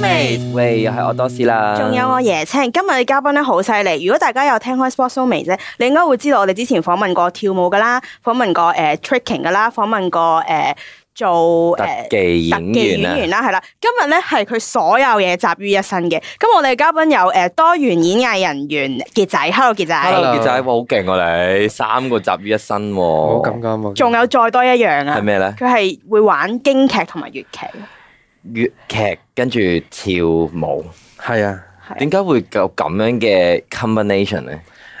嗯、喂，又係我多士啦。仲有我爺青，今日嘅嘉賓咧好犀利。如果大家有聽開 Sportso-mate，你應該會知道我哋之前訪問過跳舞噶啦，訪問過誒 tricking 噶啦，訪、uh, 問過誒、uh, 做誒、uh, 特技演員啦、啊，係啦。今日咧係佢所有嘢集於一身嘅。咁我哋嘉賓有誒、uh, 多元演藝人員傑仔，Hello 傑仔，Hello 傑仔，我好勁啊你，三個集於一身、啊，好尷仲有再多一樣啊？係咩咧？佢係會玩京劇同埋粵劇。粵劇跟住跳舞，係啊，點解會有咁樣嘅 combination 呢？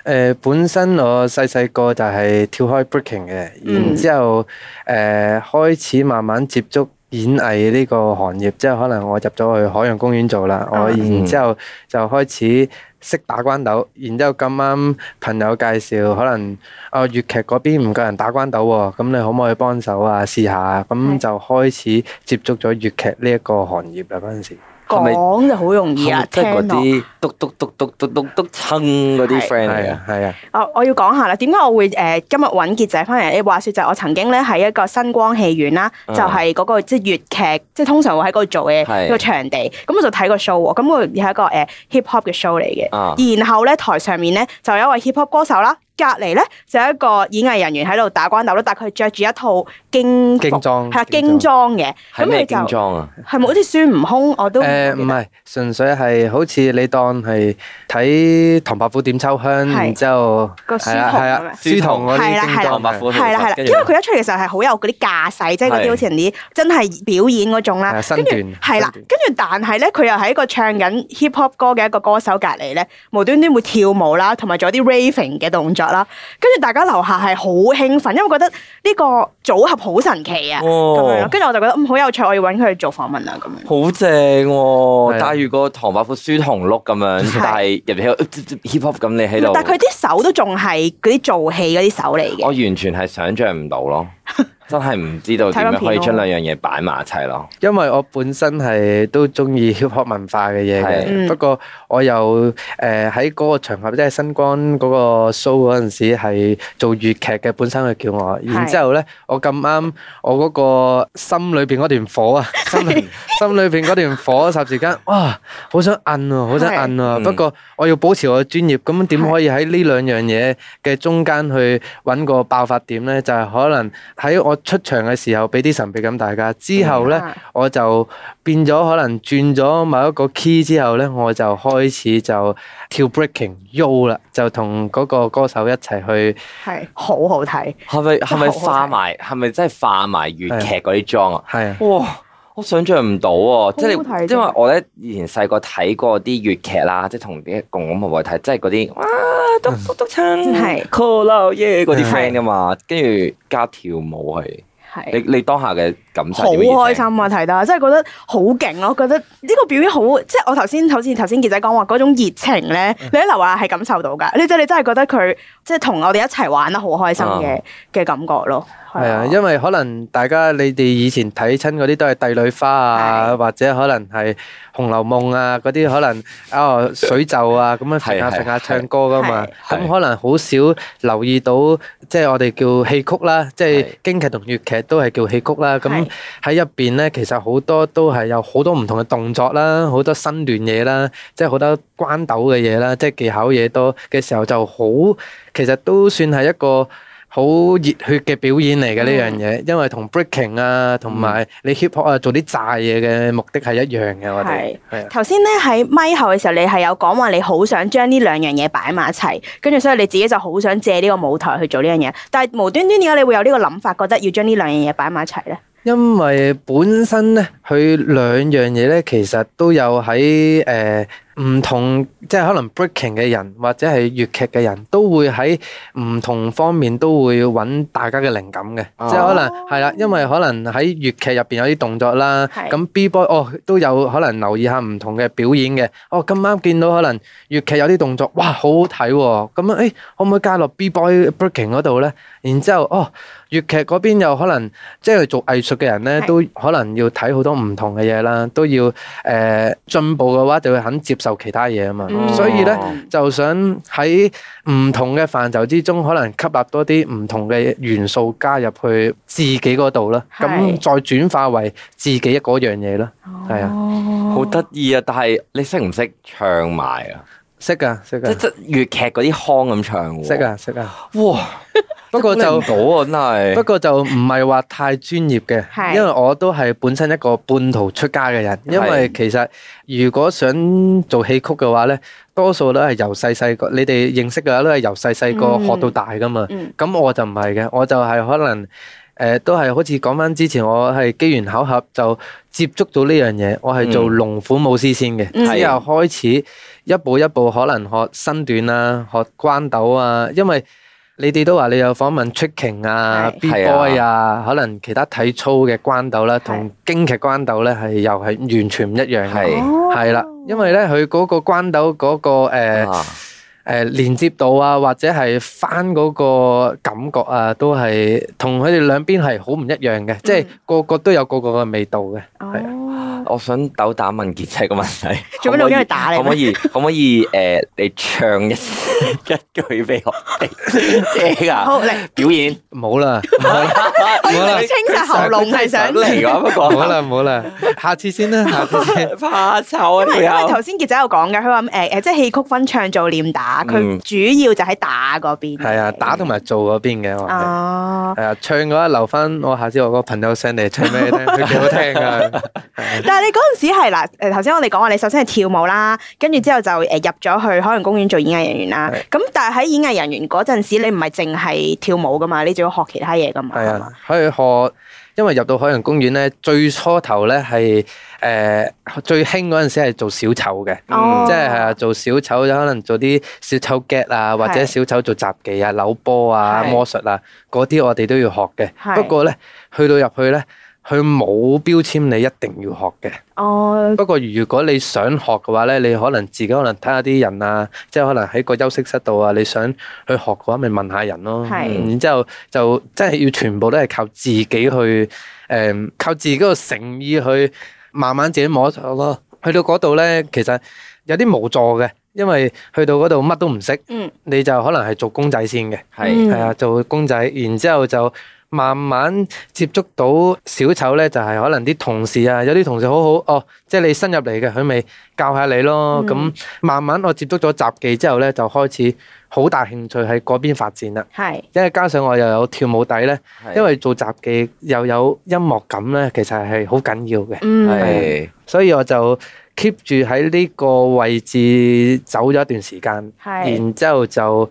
誒，本身我細細個就係跳開 breaking 嘅，嗯、然之後誒、呃、開始慢慢接觸演藝呢個行業，之後可能我入咗去海洋公園做啦，嗯、我然之後就開始。識打筋斗，然之後咁啱朋友介紹，嗯、可能啊哦、粵劇嗰邊唔夠人打筋斗喎、哦，咁你可唔可以幫手啊？試下，咁就開始接觸咗粵劇呢一個行業啦。嗰陣時。講就好容易啊！係係聽啲到「嘟嘟嘟嘟嘟嘟嘟」撐嗰啲 friend 嚟啊！係啊！哦，我要講下啦，點解我會誒、呃、今日揾傑仔翻嚟？話説就係我曾經咧喺一個新光戲院啦，嗯、就係嗰個即係粵劇，即、就、係、是、通常會喺嗰度做嘅係一個場地。咁、嗯嗯嗯、我就睇個 show 喎、嗯，咁我係一個誒、呃、hip hop 嘅 show 嚟嘅。然後咧台上面咧就有一位 hip hop 歌手啦。隔離咧就一個演藝人員喺度打筋斗啦，但係佢係著住一套京裝，係啊，京裝嘅，咁你就係咪好似孫悟空？我都誒唔係，純粹係好似你當係睇唐伯虎點秋香，然之後係啊，係啊，書童嗰啲京裝唐伯虎。係啦，係啦，因為佢一出嚟嘅時候係好有嗰啲架勢，即係嗰啲好似人哋真係表演嗰種啦，跟住，係啦，跟住但係咧佢又喺一個唱緊 hip hop 歌嘅一個歌手隔離咧，無端端會跳舞啦，同埋做啲 raving 嘅動作。啦，跟住大家樓下係好興奮，因為覺得呢個組合好神奇啊，咁樣。跟住我就覺得嗯好有趣，我要搵佢去做訪問啊，咁樣。好正，但係如果唐伯虎，書同碌咁樣，但係入喺度 Hip Hop 咁你喺度，但係佢啲手都仲係嗰啲做戲嗰啲手嚟嘅。我完全係想象唔到咯。真係唔知道點樣可以將兩樣嘢擺埋一齊咯。因為我本身係都中意 Hip-hop 文化嘅嘢嘅，的不過我又誒喺嗰個場合，即係新光嗰個 show 嗰陣時係做粵劇嘅，本身佢叫我。的然之後咧，我咁啱我嗰個心裏邊嗰段火, 段火啊，心裏邊嗰段火霎時間哇！好想摁啊好想摁啊，的不過我要保持我嘅專業，咁點可以喺呢兩樣嘢嘅中間去揾個爆發點咧？就係、是、可能喺我。出場嘅時候俾啲神秘感大家，之後呢，我就變咗，可能轉咗某一個 key 之後呢，我就開始就跳 breaking yo 啦，就同嗰個歌手一齊去，係好好睇。係咪，係咪化埋？係咪真係化埋粵劇嗰啲妝啊？係啊！我想像唔到喎、啊，即係因為我呢以前細個睇過啲粵劇啦，即係同啲公公婆婆睇，即係嗰啲哇，獨獨唱，係 call o 耶嗰啲 friend 吖嘛，跟住的加跳舞係，的你你當下嘅。好開心啊！睇得真係覺得好勁咯，覺得呢個表演好，即係我頭先好似頭先傑仔講話嗰種熱情咧，你喺樓下係感受到㗎。你真你真係覺得佢即係同我哋一齊玩得好開心嘅嘅感覺咯。係啊，因為可能大家你哋以前睇親嗰啲都係《帝女花》啊，或者可能係《紅樓夢》啊嗰啲，可能哦水袖啊咁樣成日成日唱歌㗎嘛。咁可能好少留意到，即係我哋叫戲曲啦，即係京劇同粵劇都係叫戲曲啦。咁喺入邊咧，其實好多都係有好多唔同嘅動作啦，好多身段嘢啦，即係好多筋斗嘅嘢啦，即係技巧嘢多嘅時候就好，其實都算係一個好熱血嘅表演嚟嘅呢樣嘢，嗯、因為同 breaking 啊，同埋你 hip hop 啊做啲炸嘢嘅目的係一樣嘅。嗯、我哋係頭先咧喺咪後嘅時候，你係有講話你好想將呢兩樣嘢擺埋一齊，跟住所以你自己就好想借呢個舞台去做呢樣嘢。但係無端端點解你會有呢個諗法，覺得要將呢兩樣嘢擺埋一齊咧？因為本身呢，佢兩樣嘢咧，其實都有喺誒唔同，即係可能 breaking 嘅人或者係粵劇嘅人都會喺唔同方面都會揾大家嘅靈感嘅，哦、即係可能係啦，因為可能喺粵劇入邊有啲動作啦，咁的 b-boy 哦都有可能留意下唔同嘅表演嘅，哦咁啱見到可能粵劇有啲動作，哇好好睇喎、哦，咁樣誒可唔可以加落 b-boy breaking 度咧？然之後哦粵劇邊邊有可能即係做藝術嘅人咧，都可能要睇好多。唔同嘅嘢啦，都要誒、呃、進步嘅話，就會肯接受其他嘢啊嘛。嗯、所以咧，就想喺唔同嘅範疇之中，可能吸納多啲唔同嘅元素加入去自己嗰度啦。咁是再轉化為自己嗰樣嘢咯。係、哦、啊，好得意啊！但係你識唔識唱埋啊？識啊，識啊，即即粵劇嗰啲腔咁唱喎。識噶，識噶。哇！ 不過就唔到啊， 不過就唔係話太專業嘅， 因為我都係本身一個半途出家嘅人。因為其實如果想做戲曲嘅話呢，多數都係由細細個你哋認識嘅話，都係由細細個學到大㗎嘛。咁、嗯嗯、我就唔係嘅，我就係可能、呃、都係好似講返之前，我係機緣巧合就接觸到呢樣嘢。我係做龍虎武師先嘅，睇、嗯嗯、後開始一步一步可能學身段啊，學筋斗啊，因為。你哋都話你有訪問 tricking 啊，B-boy 啊，可能其他體操嘅筋斗啦，同京劇筋斗咧係又係完全唔一樣嘅。係啦是是，因為咧佢嗰個筋斗嗰、嗰個誒、呃啊呃、連接度啊，或者係翻嗰個感覺啊，都係同佢哋兩邊係好唔一樣嘅，嗯、即係個個都有個個嘅味道嘅，係。哦。我想斗膽問傑仔個問題，做咩你要打你？可唔可以？可唔可以？誒，你唱一一句俾我聽啊！好嚟表演，冇啦，冇啦，清實喉嚨係想嚟嘅，不過冇啦冇啦，下次先啦，下次先，怕醜啊！因為因為頭先傑仔有講嘅，佢話誒誒，即係戲曲分唱做唸打，佢主要就喺打嗰邊，係啊，打同埋做嗰邊嘅話，係啊，唱嗰一留翻，我下次我個朋友上嚟唱咩咧，幾好聽㗎。啊、你嗰陣時係啦，誒頭先我哋講話，你首先係跳舞啦，跟住之後就誒入咗去海洋公園做演藝人員啦。咁是但係喺演藝人員嗰陣時，你唔係淨係跳舞噶嘛，你仲要學其他嘢噶嘛？係啊，可以學，因為入到海洋公園咧，最初頭咧係誒最興嗰陣時係做小丑嘅，哦、即係做小丑，可能做啲小丑 get 啊，或者小丑做雜技啊、扭波啊、是魔術啊嗰啲，我哋都要學嘅。是不過咧，去到入去咧。佢冇標籤，你一定要學嘅。哦。Oh. 不過如果你想學嘅話咧，你可能自己可能睇下啲人啊，即係可能喺個休息室度啊，你想去學嘅話，咪問，問下人咯、啊。係是。然、嗯、之後就真係要全部都係靠自己去，誒、嗯，靠自己個誠意去慢慢自己摸索咯。去到嗰度咧，其實有啲無助嘅，因為去到嗰度乜都唔識。嗯。你就可能係做公仔先嘅。係是。係啊、嗯，做公仔，然之後就。慢慢接觸到小丑呢，就係、是、可能啲同事啊，有啲同事好好哦，即、就、係、是、你新入嚟嘅，佢咪教下你咯。咁、嗯、慢慢我接觸咗雜技之後呢，就開始好大興趣喺嗰邊發展啦。係是，因為加上我又有跳舞底呢，是因為做雜技又有音樂感呢，其實係好緊要嘅。嗯，是所以我就 keep 住喺呢個位置走咗一段時間，是然之後就。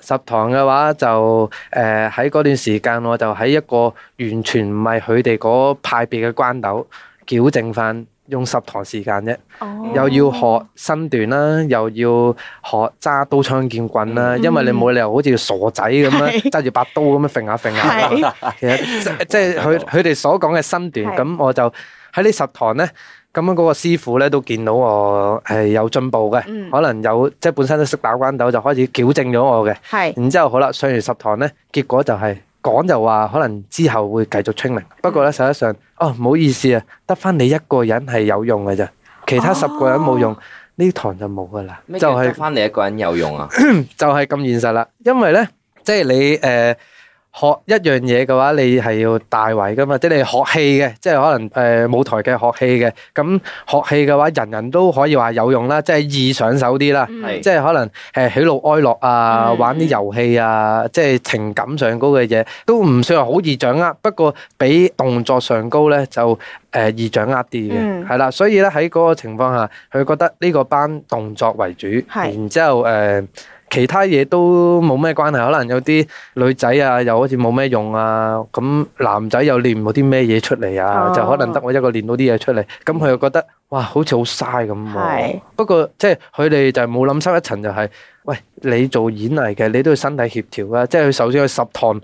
十堂嘅話就誒喺嗰段時間，我就喺一個完全唔係佢哋嗰派別嘅筋斗，矯正返用十堂時間啫，哦、又要學身段啦，又要學揸刀槍劍棍啦，因為你冇理由好似傻仔咁樣揸住、嗯、把刀咁樣揈下揈下，是其實即係佢佢哋所講嘅身段咁是我就。喺呢十堂呢，咁樣嗰個師傅呢都見到我係有進步嘅，嗯、可能有即係本身都識打關斗，就開始矯正咗我嘅。係是。然之後好啦，上完十堂呢，結果就係、是、講就話可能之後會繼續清明，不過呢，實際上，嗯、哦唔好意思啊，得翻你一個人係有用嘅啫，其他十個人冇用，呢、哦、堂就冇噶啦，么就係得翻你一個人有用啊， 就係、是、咁現實啦，因為呢，即係你誒。呃學一樣嘢嘅話，你係要大圍噶嘛？即係你學戲嘅，即係可能誒、呃、舞台嘅學戲嘅。咁學戲嘅話，人人都可以話有用啦，即係易上手啲啦。嗯、即係可能誒、呃、喜怒哀樂啊，玩啲遊戲啊，即係情感上高嘅嘢，都唔算係好易掌握。不過比動作上高咧，就誒、呃、易掌握啲嘅。係啦、嗯，所以咧喺嗰個情況下，佢覺得呢個班動作為主，嗯、然之後誒。呃其他嘢都冇咩關係，可能有啲女仔啊，又好似冇咩用啊。咁男仔又練冇啲咩嘢出嚟啊，啊就可能得我一個練到啲嘢出嚟。咁佢又覺得，哇，好似好嘥咁。是不過即係佢哋就冇諗深一層，就係、是，喂，你做演藝嘅，你都要身體協調啊。即係佢首先去十堂，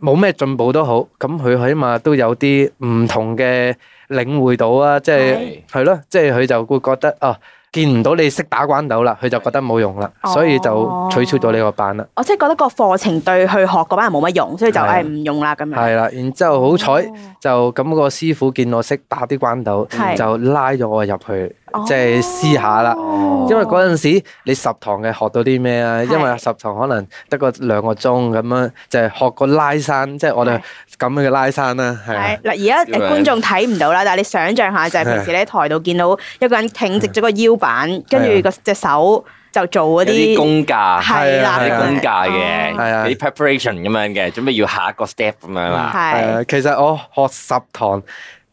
冇咩進步都好，咁佢起碼都有啲唔同嘅領會到啊。即係係咯，即係佢就會覺得啊。見唔到你識打關斗啦，佢就覺得冇用啦，哦、所以就取消咗呢個班啦。我即係覺得個課程對去學嗰班人冇乜用，所以就誒唔用啦咁樣。係啦的今天，然之後好彩、哦、就咁個師傅見我識打啲關斗，就拉咗我入去。即係試下啦，哦、因為嗰陣時你十堂嘅學到啲咩是啊？因為十堂可能得個兩個鐘咁樣，就係、是、學個拉山，即、就、係、是、我哋咁樣嘅拉山啦。係嗱、啊啊，而家誒觀眾睇唔到啦，但係你想象下，就係平時你喺台度見到一個人挺直咗個腰板，跟住個隻手就做嗰啲功架，係啦，啲功架嘅，啲 preparation 咁樣嘅，準備要下一個 step 咁樣啦。係啊，啊啊啊其實我學十堂。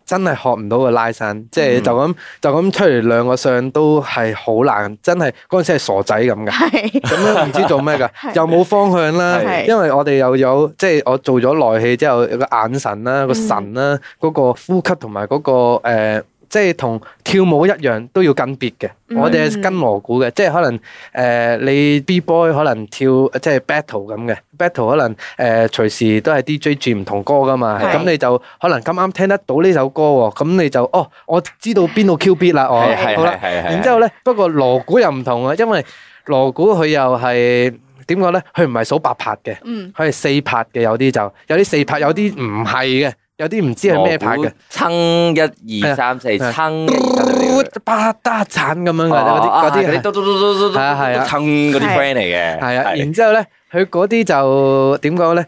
真係學唔到個拉伸，嗯、即係就咁就咁出嚟兩個相都係好難，真係嗰陣時係傻仔咁嘅。咁是 樣唔知做咩㗎，又冇 方向啦。是 因為我哋又有，有即係我做咗內氣之後，有個眼神啦、個神啦、嗰、嗯、個呼吸同埋嗰個、呃即係同跳舞一樣，都要跟別嘅。Mm hmm. 我哋係跟鑼鼓嘅，即係可能誒、呃，你 B boy 可能跳即係 battle 咁嘅 battle，可能誒、呃、隨時都係 DJ 轉唔同歌㗎嘛。咁、mm hmm. 你就可能咁啱聽得到呢首歌喎，咁你就哦，我知道邊度 Q B 啦。哦，係，好啦，然之後咧，不過鑼鼓又唔同啊，因為鑼鼓佢又係點講咧？佢唔係數八拍嘅，佢係四拍嘅。有啲就有啲四拍，有啲唔係嘅。有啲唔知係咩牌嘅，撐一二三四撐，嗯、八打鏟咁樣嗰啲嗰啲係，係係、哦、啊，撐嗰啲 friend 嚟嘅，係啊。是 然之後咧，佢嗰啲就點講咧？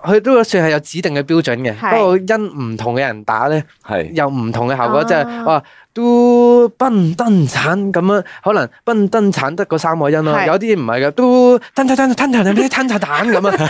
佢都算係有指定嘅標準嘅，是不過因唔同嘅人打咧，係有唔同嘅效果，即係哇。啊都奔登產咁啊，可能奔登產得嗰三個音咯，有啲唔係嘅，都吞吞吞吞，登登咩登炸彈咁啊！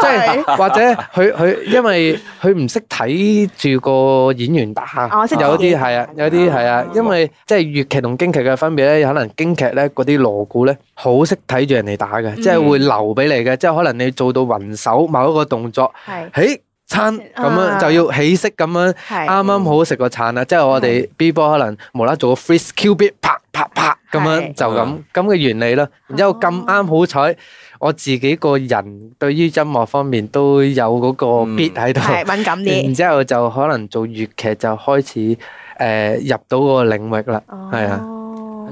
即係或者佢佢因為佢唔識睇住個演員打，有啲係啊，有啲係啊，因為即係粵劇同京劇嘅分別咧，可能京劇咧嗰啲鑼鼓咧好識睇住人哋打嘅，即係會留俾你嘅，即係可能你做到雲手某一個動作，係。餐咁樣就要起色咁樣，啱啱好食個餐啦。即係我哋 B 波可能無啦做個 freeze Q beat 啪啪啪咁樣就咁咁嘅原理啦。然之後咁啱好彩，我自己個人對於音樂方面都有嗰個 beat 喺度，敏感啲。然之後就可能做粵劇就開始誒入到嗰個領域啦。係啊，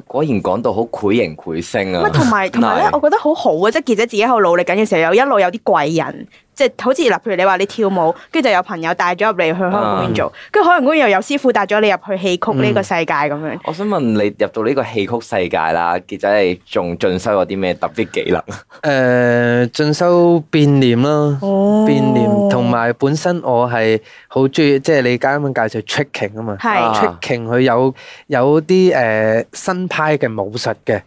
果然講到好繪形繪聲啊。同埋同埋咧，我覺得好好啊，即係傑仔自己喺度努力緊嘅時候，又一路有啲貴人。即係好似嗱，譬如你話你跳舞，跟住就有朋友帶咗入嚟去海洋公園做，跟住海洋公園又有師傅帶咗你入去戲曲呢個世界咁、嗯、樣。我想問你入到呢個戲曲世界啦，其實你仲進修咗啲咩特別技能啊？誒，進修變臉啦，變臉，同埋、oh. 本身我係好中意，即係你啱啱介紹 tricking 啊嘛是、ah.，tricking 佢有有啲誒、uh, 新派嘅武術嘅，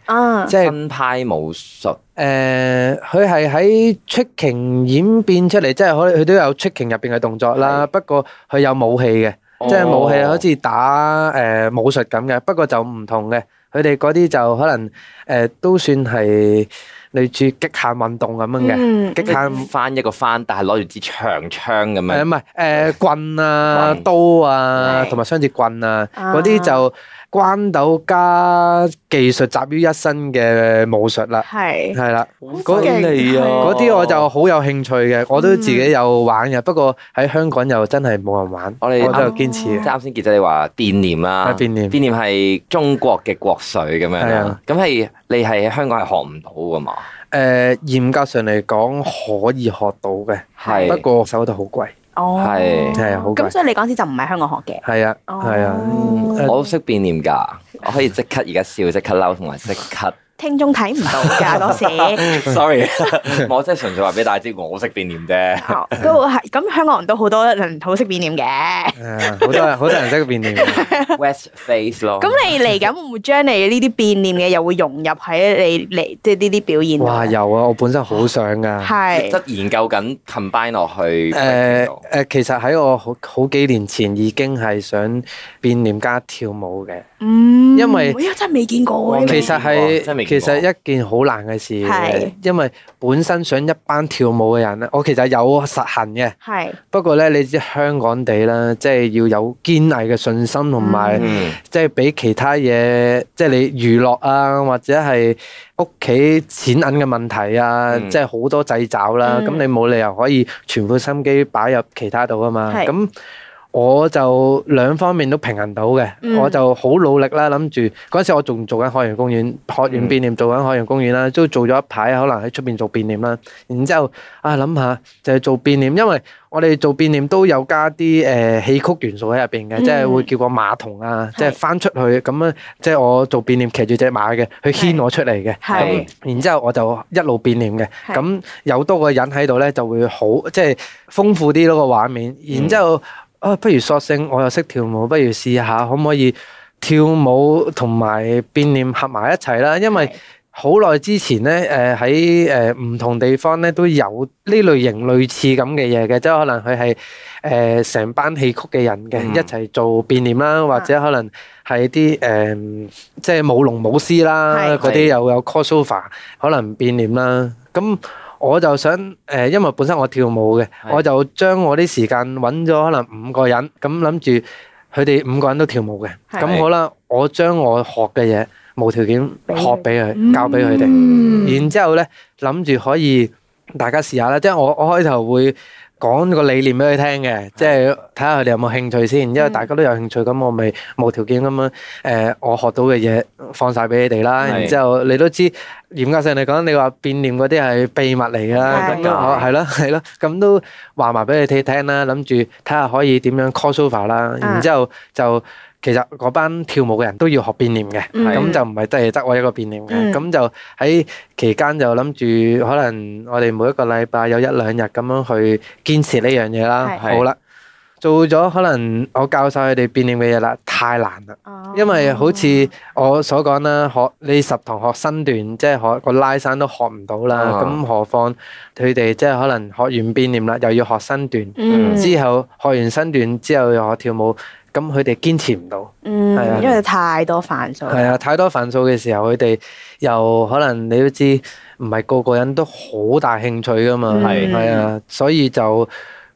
即係、uh. 新派武術。誒，佢係喺、呃、tricking 演變出嚟，即係可，佢都有 tricking 入邊嘅動作啦。是的 不過佢有武器嘅，哦、即係武器好似打誒、呃、武術咁嘅。不過就唔同嘅，佢哋嗰啲就可能誒、呃、都算係。類似極限運動咁樣嘅，極限翻一個翻，但係攞住支長槍咁樣。誒唔係，誒，棍啊刀啊，同埋雙節棍啊，嗰啲就筋斗加技術集於一身嘅武術啦。係係啦，嗰啲我就好有興趣嘅，我都自己有玩嘅。不過喺香港又真係冇人玩，我哋都堅持。啱先杰仔你話變臉啦，變臉變臉係中國嘅國粹咁樣，咁係。你係香港係學唔到噶嘛？誒、呃，嚴格上嚟講可以學到嘅，係是不過收得好貴。哦，係係啊，好貴，咁所以你嗰陣時就唔喺香港學嘅？係啊，係啊、哦，嗯、我識變臉㗎，嗯、我可以即刻而家笑，即刻嬲，同埋即刻。 聽眾睇唔到㗎嗰時。Sorry，我真係純粹話俾大家知，我識變臉啫。都係咁，香港人都好多人好識變臉嘅。好多人好多人識變臉。West face 咯。咁你嚟緊會唔會將你呢啲變臉嘅又會融入喺你嚟即係呢啲表演？哇！有啊，我本身好想㗎，即係研究緊 combine 落去。誒誒，其實喺我好好幾年前已經係想變臉加跳舞嘅。嗯，因為我真係未見過。其實係真係未。其實一件好難嘅事，是因為本身想一班跳舞嘅人咧，我其實有實行嘅。係是不過咧，你知香港地啦，即係要有堅毅嘅信心同埋，即係俾其他嘢，即係你娛樂啊，或者係屋企錢銀嘅問題啊，是即係好多掣肘啦。咁、嗯、你冇理由可以全副心機擺入其他度啊嘛。咁是我就兩方面都平衡到嘅，我就好努力啦，諗住嗰陣時我仲做緊海洋公園，學完變臉做緊海洋公園啦，都做咗一排，可能喺出邊做變臉啦。然之後啊，諗下就係、是、做變臉，因為我哋做變臉都有加啲誒戲曲元素喺入邊嘅，嗯、即係會叫個馬童啊，是即係翻出去咁樣，即係我做變臉騎住隻馬嘅，佢牽我出嚟嘅。係。然之後我就一路變臉嘅，咁是有多個人喺度咧，就會好即係豐富啲囉個畫面。然之後。嗯啊，不如索性我又識跳舞，不如試下可唔可以跳舞同埋變臉合埋一齊啦？因為好耐之前咧，誒喺誒唔同地方咧都有呢類型類似咁嘅嘢嘅，即係可能佢係誒成班戲曲嘅人嘅一齊做變臉啦，或者可能係啲誒即係舞龍舞獅啦嗰啲又有 cosova 可能變臉啦，咁。我就想誒，因為本身我跳舞嘅，是的 我就將我啲時間揾咗可能五個人，咁諗住佢哋五個人都跳舞嘅，咁是的 好啦，我將我學嘅嘢無條件學俾佢，教俾佢哋，嗯、然之後呢，諗住可以大家試下啦，即係我我開頭會講個理念俾佢聽嘅，即係睇下佢哋有冇興趣先，因為大家都有興趣，咁我咪無條件咁樣，誒、呃，我學到嘅嘢放晒俾你哋啦。的然之後你都知，嚴格上嚟講，你話變臉嗰啲係秘密嚟噶，係咯，係咯，咁都話埋俾你聽啦。諗住睇下可以點樣 call sofa 啦，然之後就。嗯其實嗰班跳舞嘅人都要學變臉嘅，咁就唔係得係得我一個變臉嘅。咁就喺期間就諗住，可能我哋每一個禮拜有一兩日咁樣去堅持呢樣嘢啦。好啦，做咗可能我教晒佢哋變臉嘅嘢啦，太難啦。哦，因為好似我所講啦，學你十堂學身段，即係學個拉山都學唔到啦。咁何況，佢哋即係可能學完變臉啦，又要學身段，之後學完身段之後又學跳舞。咁佢哋堅持唔到，嗯，係啊，因為太多繁數。係啊，太多繁數嘅時候，佢哋又可能你都知，唔係個個人都好大興趣㗎嘛，係係啊，所以就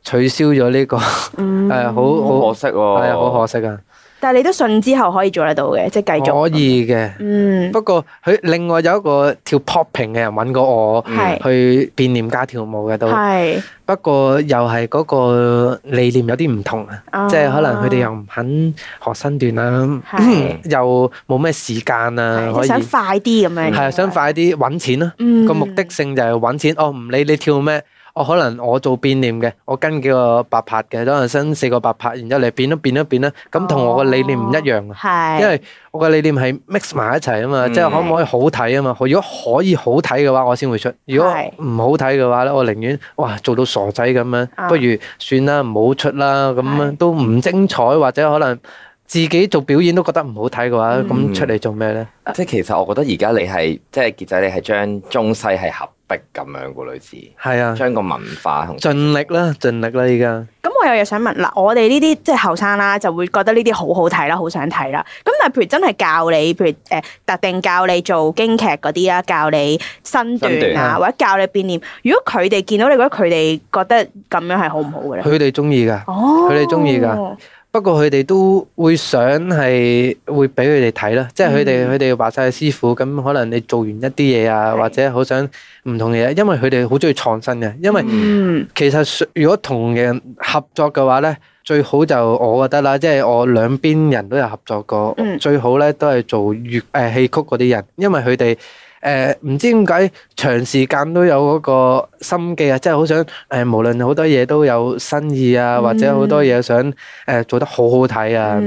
取消咗呢、這個，誒、嗯，好好可惜喎，係啊，好可惜啊。但係你都信之後可以做得到嘅，即係繼續。可以嘅，嗯。不過佢另外有一個跳 popping 嘅人揾過我，係是去變臉加跳舞嘅都。係是。不過又係嗰個理念有啲唔同啊，哦、即係可能佢哋又唔肯學身段啦是， 又冇咩時間啊，是可以。想快啲咁樣。係啊、嗯，想快啲揾錢咯。嗯。個目的性就係揾錢，哦、唔理你跳咩。我可能我做變臉嘅，我跟幾個八拍嘅，可能身四個八拍，然之後你變一變一變啦，咁同我個理念唔一樣啊。係、哦。因為我個理念係 mix 埋一齊啊嘛，嗯、即係可唔可以好睇啊嘛？如果可以好睇嘅話，我先會出；如果唔好睇嘅話咧，我寧願哇做到傻仔咁樣，不如算啦，唔好出啦，咁樣都唔精彩，或者可能自己做表演都覺得唔好睇嘅話，咁出嚟做咩咧、嗯？即係其實我覺得而家你係即係傑仔，你係將中西係合。咁樣個女子，係啊的，將個文化同盡力啦，盡力啦依家。咁在我有嘢想問嗱，我哋呢啲即係後生啦，就會覺得呢啲好好睇啦，好想睇啦。咁但係譬如真係教你，譬如誒特定教你做京劇嗰啲啦，教你身段啊，段或者教你變臉。的如果佢哋見到你，覺得佢哋覺得咁樣係好唔好嘅咧？佢哋中意㗎，佢哋中意㗎。不過佢哋都會想係會俾佢哋睇咯，即係佢哋佢哋話曬師傅咁，可能你做完一啲嘢啊，或者好想唔同嘢，因為佢哋好中意創新嘅。因為其實如果同人合作嘅話呢，最好就我覺得啦，即係我兩邊人都有合作過，最好呢都係做粵誒、呃、戲曲嗰啲人，因為佢哋。誒唔、呃、知點解長時間都有嗰個心機啊！即係好想誒、呃，無論好多嘢都有新意啊，或者好多嘢想誒、呃、做得好好睇啊！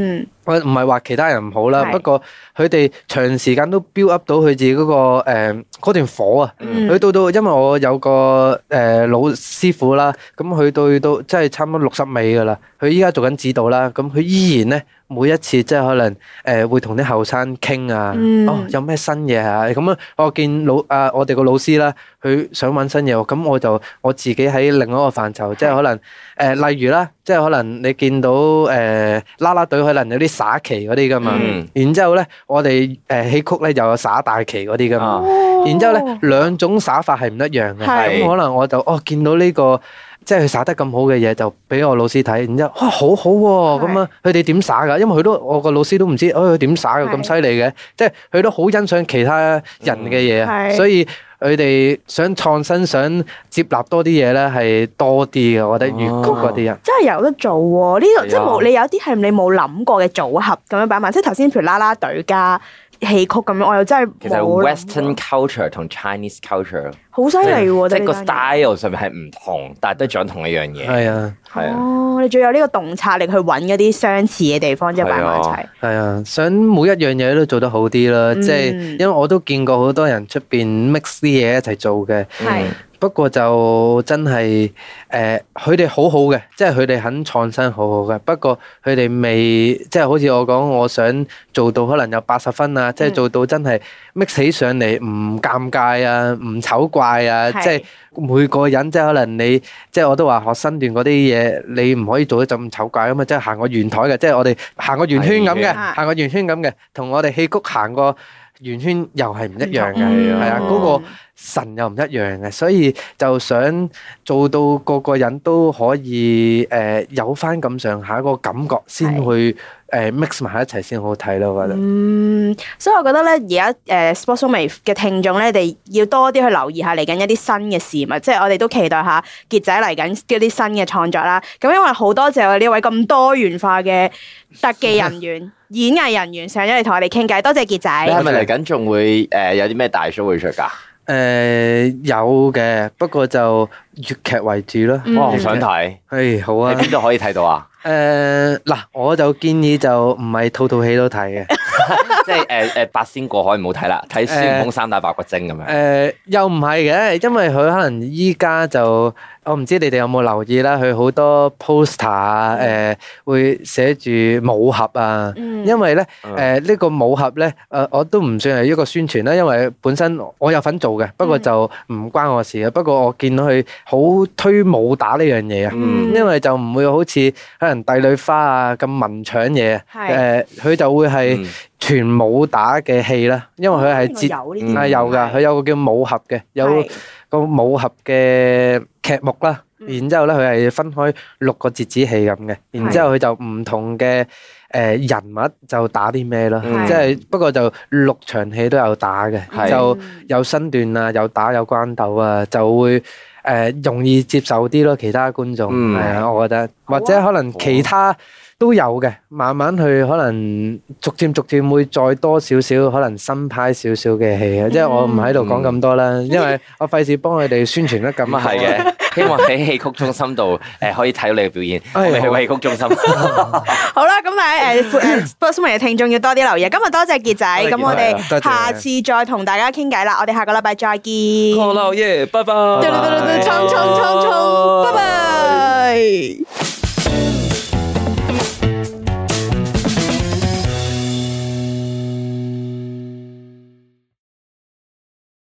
我唔係話其他人唔好啦，嗯、不過佢哋長時間都 build up 到佢自己嗰、那個嗰、呃、段火啊！佢到、嗯、到，因為我有個誒、呃、老師傅啦，咁佢到到即係差唔多六十尾噶啦，佢依家做緊指導啦，咁佢依然咧。每一次即係可能誒、呃、會同啲後生傾啊，哦，有咩新嘢啊咁啊，我見老啊、呃、我哋個老師啦，佢想搵新嘢，咁我就我自己喺另一個範疇，嗯、即係可能誒、呃、例如啦，即係可能你見到誒啦啦隊可能有啲耍旗嗰啲噶嘛，嗯、然之後咧我哋誒戲曲咧又有耍大旗嗰啲噶嘛，哦、然之後咧兩種耍法係唔一樣嘅，咁可能我就哦見到呢個。即係佢耍得咁好嘅嘢，就俾我老師睇，然之後哇好好喎咁啊！佢哋點耍噶？因為佢都我個老師都唔知，哎佢點耍嘅咁犀利嘅？即係佢都好欣賞其他人嘅嘢，是的 所以佢哋想創新、想接納多啲嘢咧，係多啲嘅。我覺得粵曲嗰啲人，哦、真係有得做喎、啊！呢個是的 即係冇你有啲係你冇諗過嘅組合咁樣擺埋，即係頭先譬如，如啦啦隊加，戲曲咁樣，我又真係其實 Western culture 同 Chinese culture 好犀利喎！即係個 style 上面係唔同，但係都想同一樣嘢係啊係啊！啊哦、你仲有呢個洞察力去揾一啲相似嘅地方，即係擺埋一齊係啊！想每一樣嘢都做得好啲啦，即係、嗯、因為我都見過好多人出邊 mix 啲嘢一齊做嘅係。是嗯不過就真係誒，佢、呃、哋好好嘅，即係佢哋肯創新，好好嘅。不過佢哋未即係好似我講，我想做到可能有八十分啊，嗯、即係做到真係 mix 起上嚟唔尷尬啊，唔醜怪啊，係即係每個人即係可能你即係我都話學身段嗰啲嘢，你唔可以做得咁醜怪啊嘛，即係行個圓台嘅，即係我哋行個圓圈咁嘅，嗯、行個圓圈咁嘅，同、嗯、我哋戲曲行個圓圈又係唔一樣嘅，係啊，嗰個神又唔一樣嘅，所以就想做到個個人都可以誒、呃、有返咁上下個感覺，先去誒 mix 埋一齊先好睇咯。我覺得，嗯，所以我覺得咧而家誒 Sportso-mate 嘅聽眾咧，你哋要多啲去留意下嚟緊一啲新嘅事物，即係我哋都期待下傑仔嚟緊嗰啲新嘅創作啦。咁因為好多謝我呢位咁多元化嘅特技人員、 演藝人員上咗嚟同我哋傾偈，多謝傑仔。你係咪嚟緊仲會誒有啲咩大 show 會出㗎？誒、呃，有嘅，不過就粵劇為主咯。我唔想睇。係、呃、好啊。喺邊度可以睇到啊？誒，嗱，我就建議就唔係套套戲都睇嘅。 即係誒誒，八仙過海唔好睇啦，睇孫悟空三打白骨精咁樣。誒、呃呃呃，又唔係嘅，因為佢可能依家就。我唔知你哋有冇留意啦，佢好多 poster 啊，誒會寫住武俠啊，因為咧誒呢個武俠咧，誒我都唔算係一個宣傳啦，因為本身我有份做嘅，不過就唔關我事啊。不過我見到佢好推武打呢樣嘢啊，因為就唔會好似可能帝女花啊咁文搶嘢，誒佢就會係全武打嘅戲啦，因為佢係節啊有㗎，佢有個叫武俠嘅有個武俠嘅劇目啦，然之後咧佢係分開六個折子戲咁嘅，然之後佢就唔同嘅誒人物就打啲咩咯，即係、嗯就是、不過就六場戲都有打嘅，嗯、就有身段啊，有打有筋斗啊，就會誒、呃、容易接受啲咯，其他觀眾係啊，嗯、我覺得、啊、或者可能其他、啊。都有嘅，慢慢去可能，逐漸逐漸會再多少少，可能新派少少嘅戲。即係我唔喺度講咁多啦，因為我費事幫佢哋宣傳得咁啊係嘅。希望喺戲曲中心度誒可以睇到你嘅表演。我哋去戲曲中心。好啦，咁但係誒誒，Sportsoho 嘅聽眾要多啲留意。今日多謝傑仔，咁我哋下次再同大家傾偈啦。我哋下個禮拜再見。好啦，好耶，拜拜。拜拜。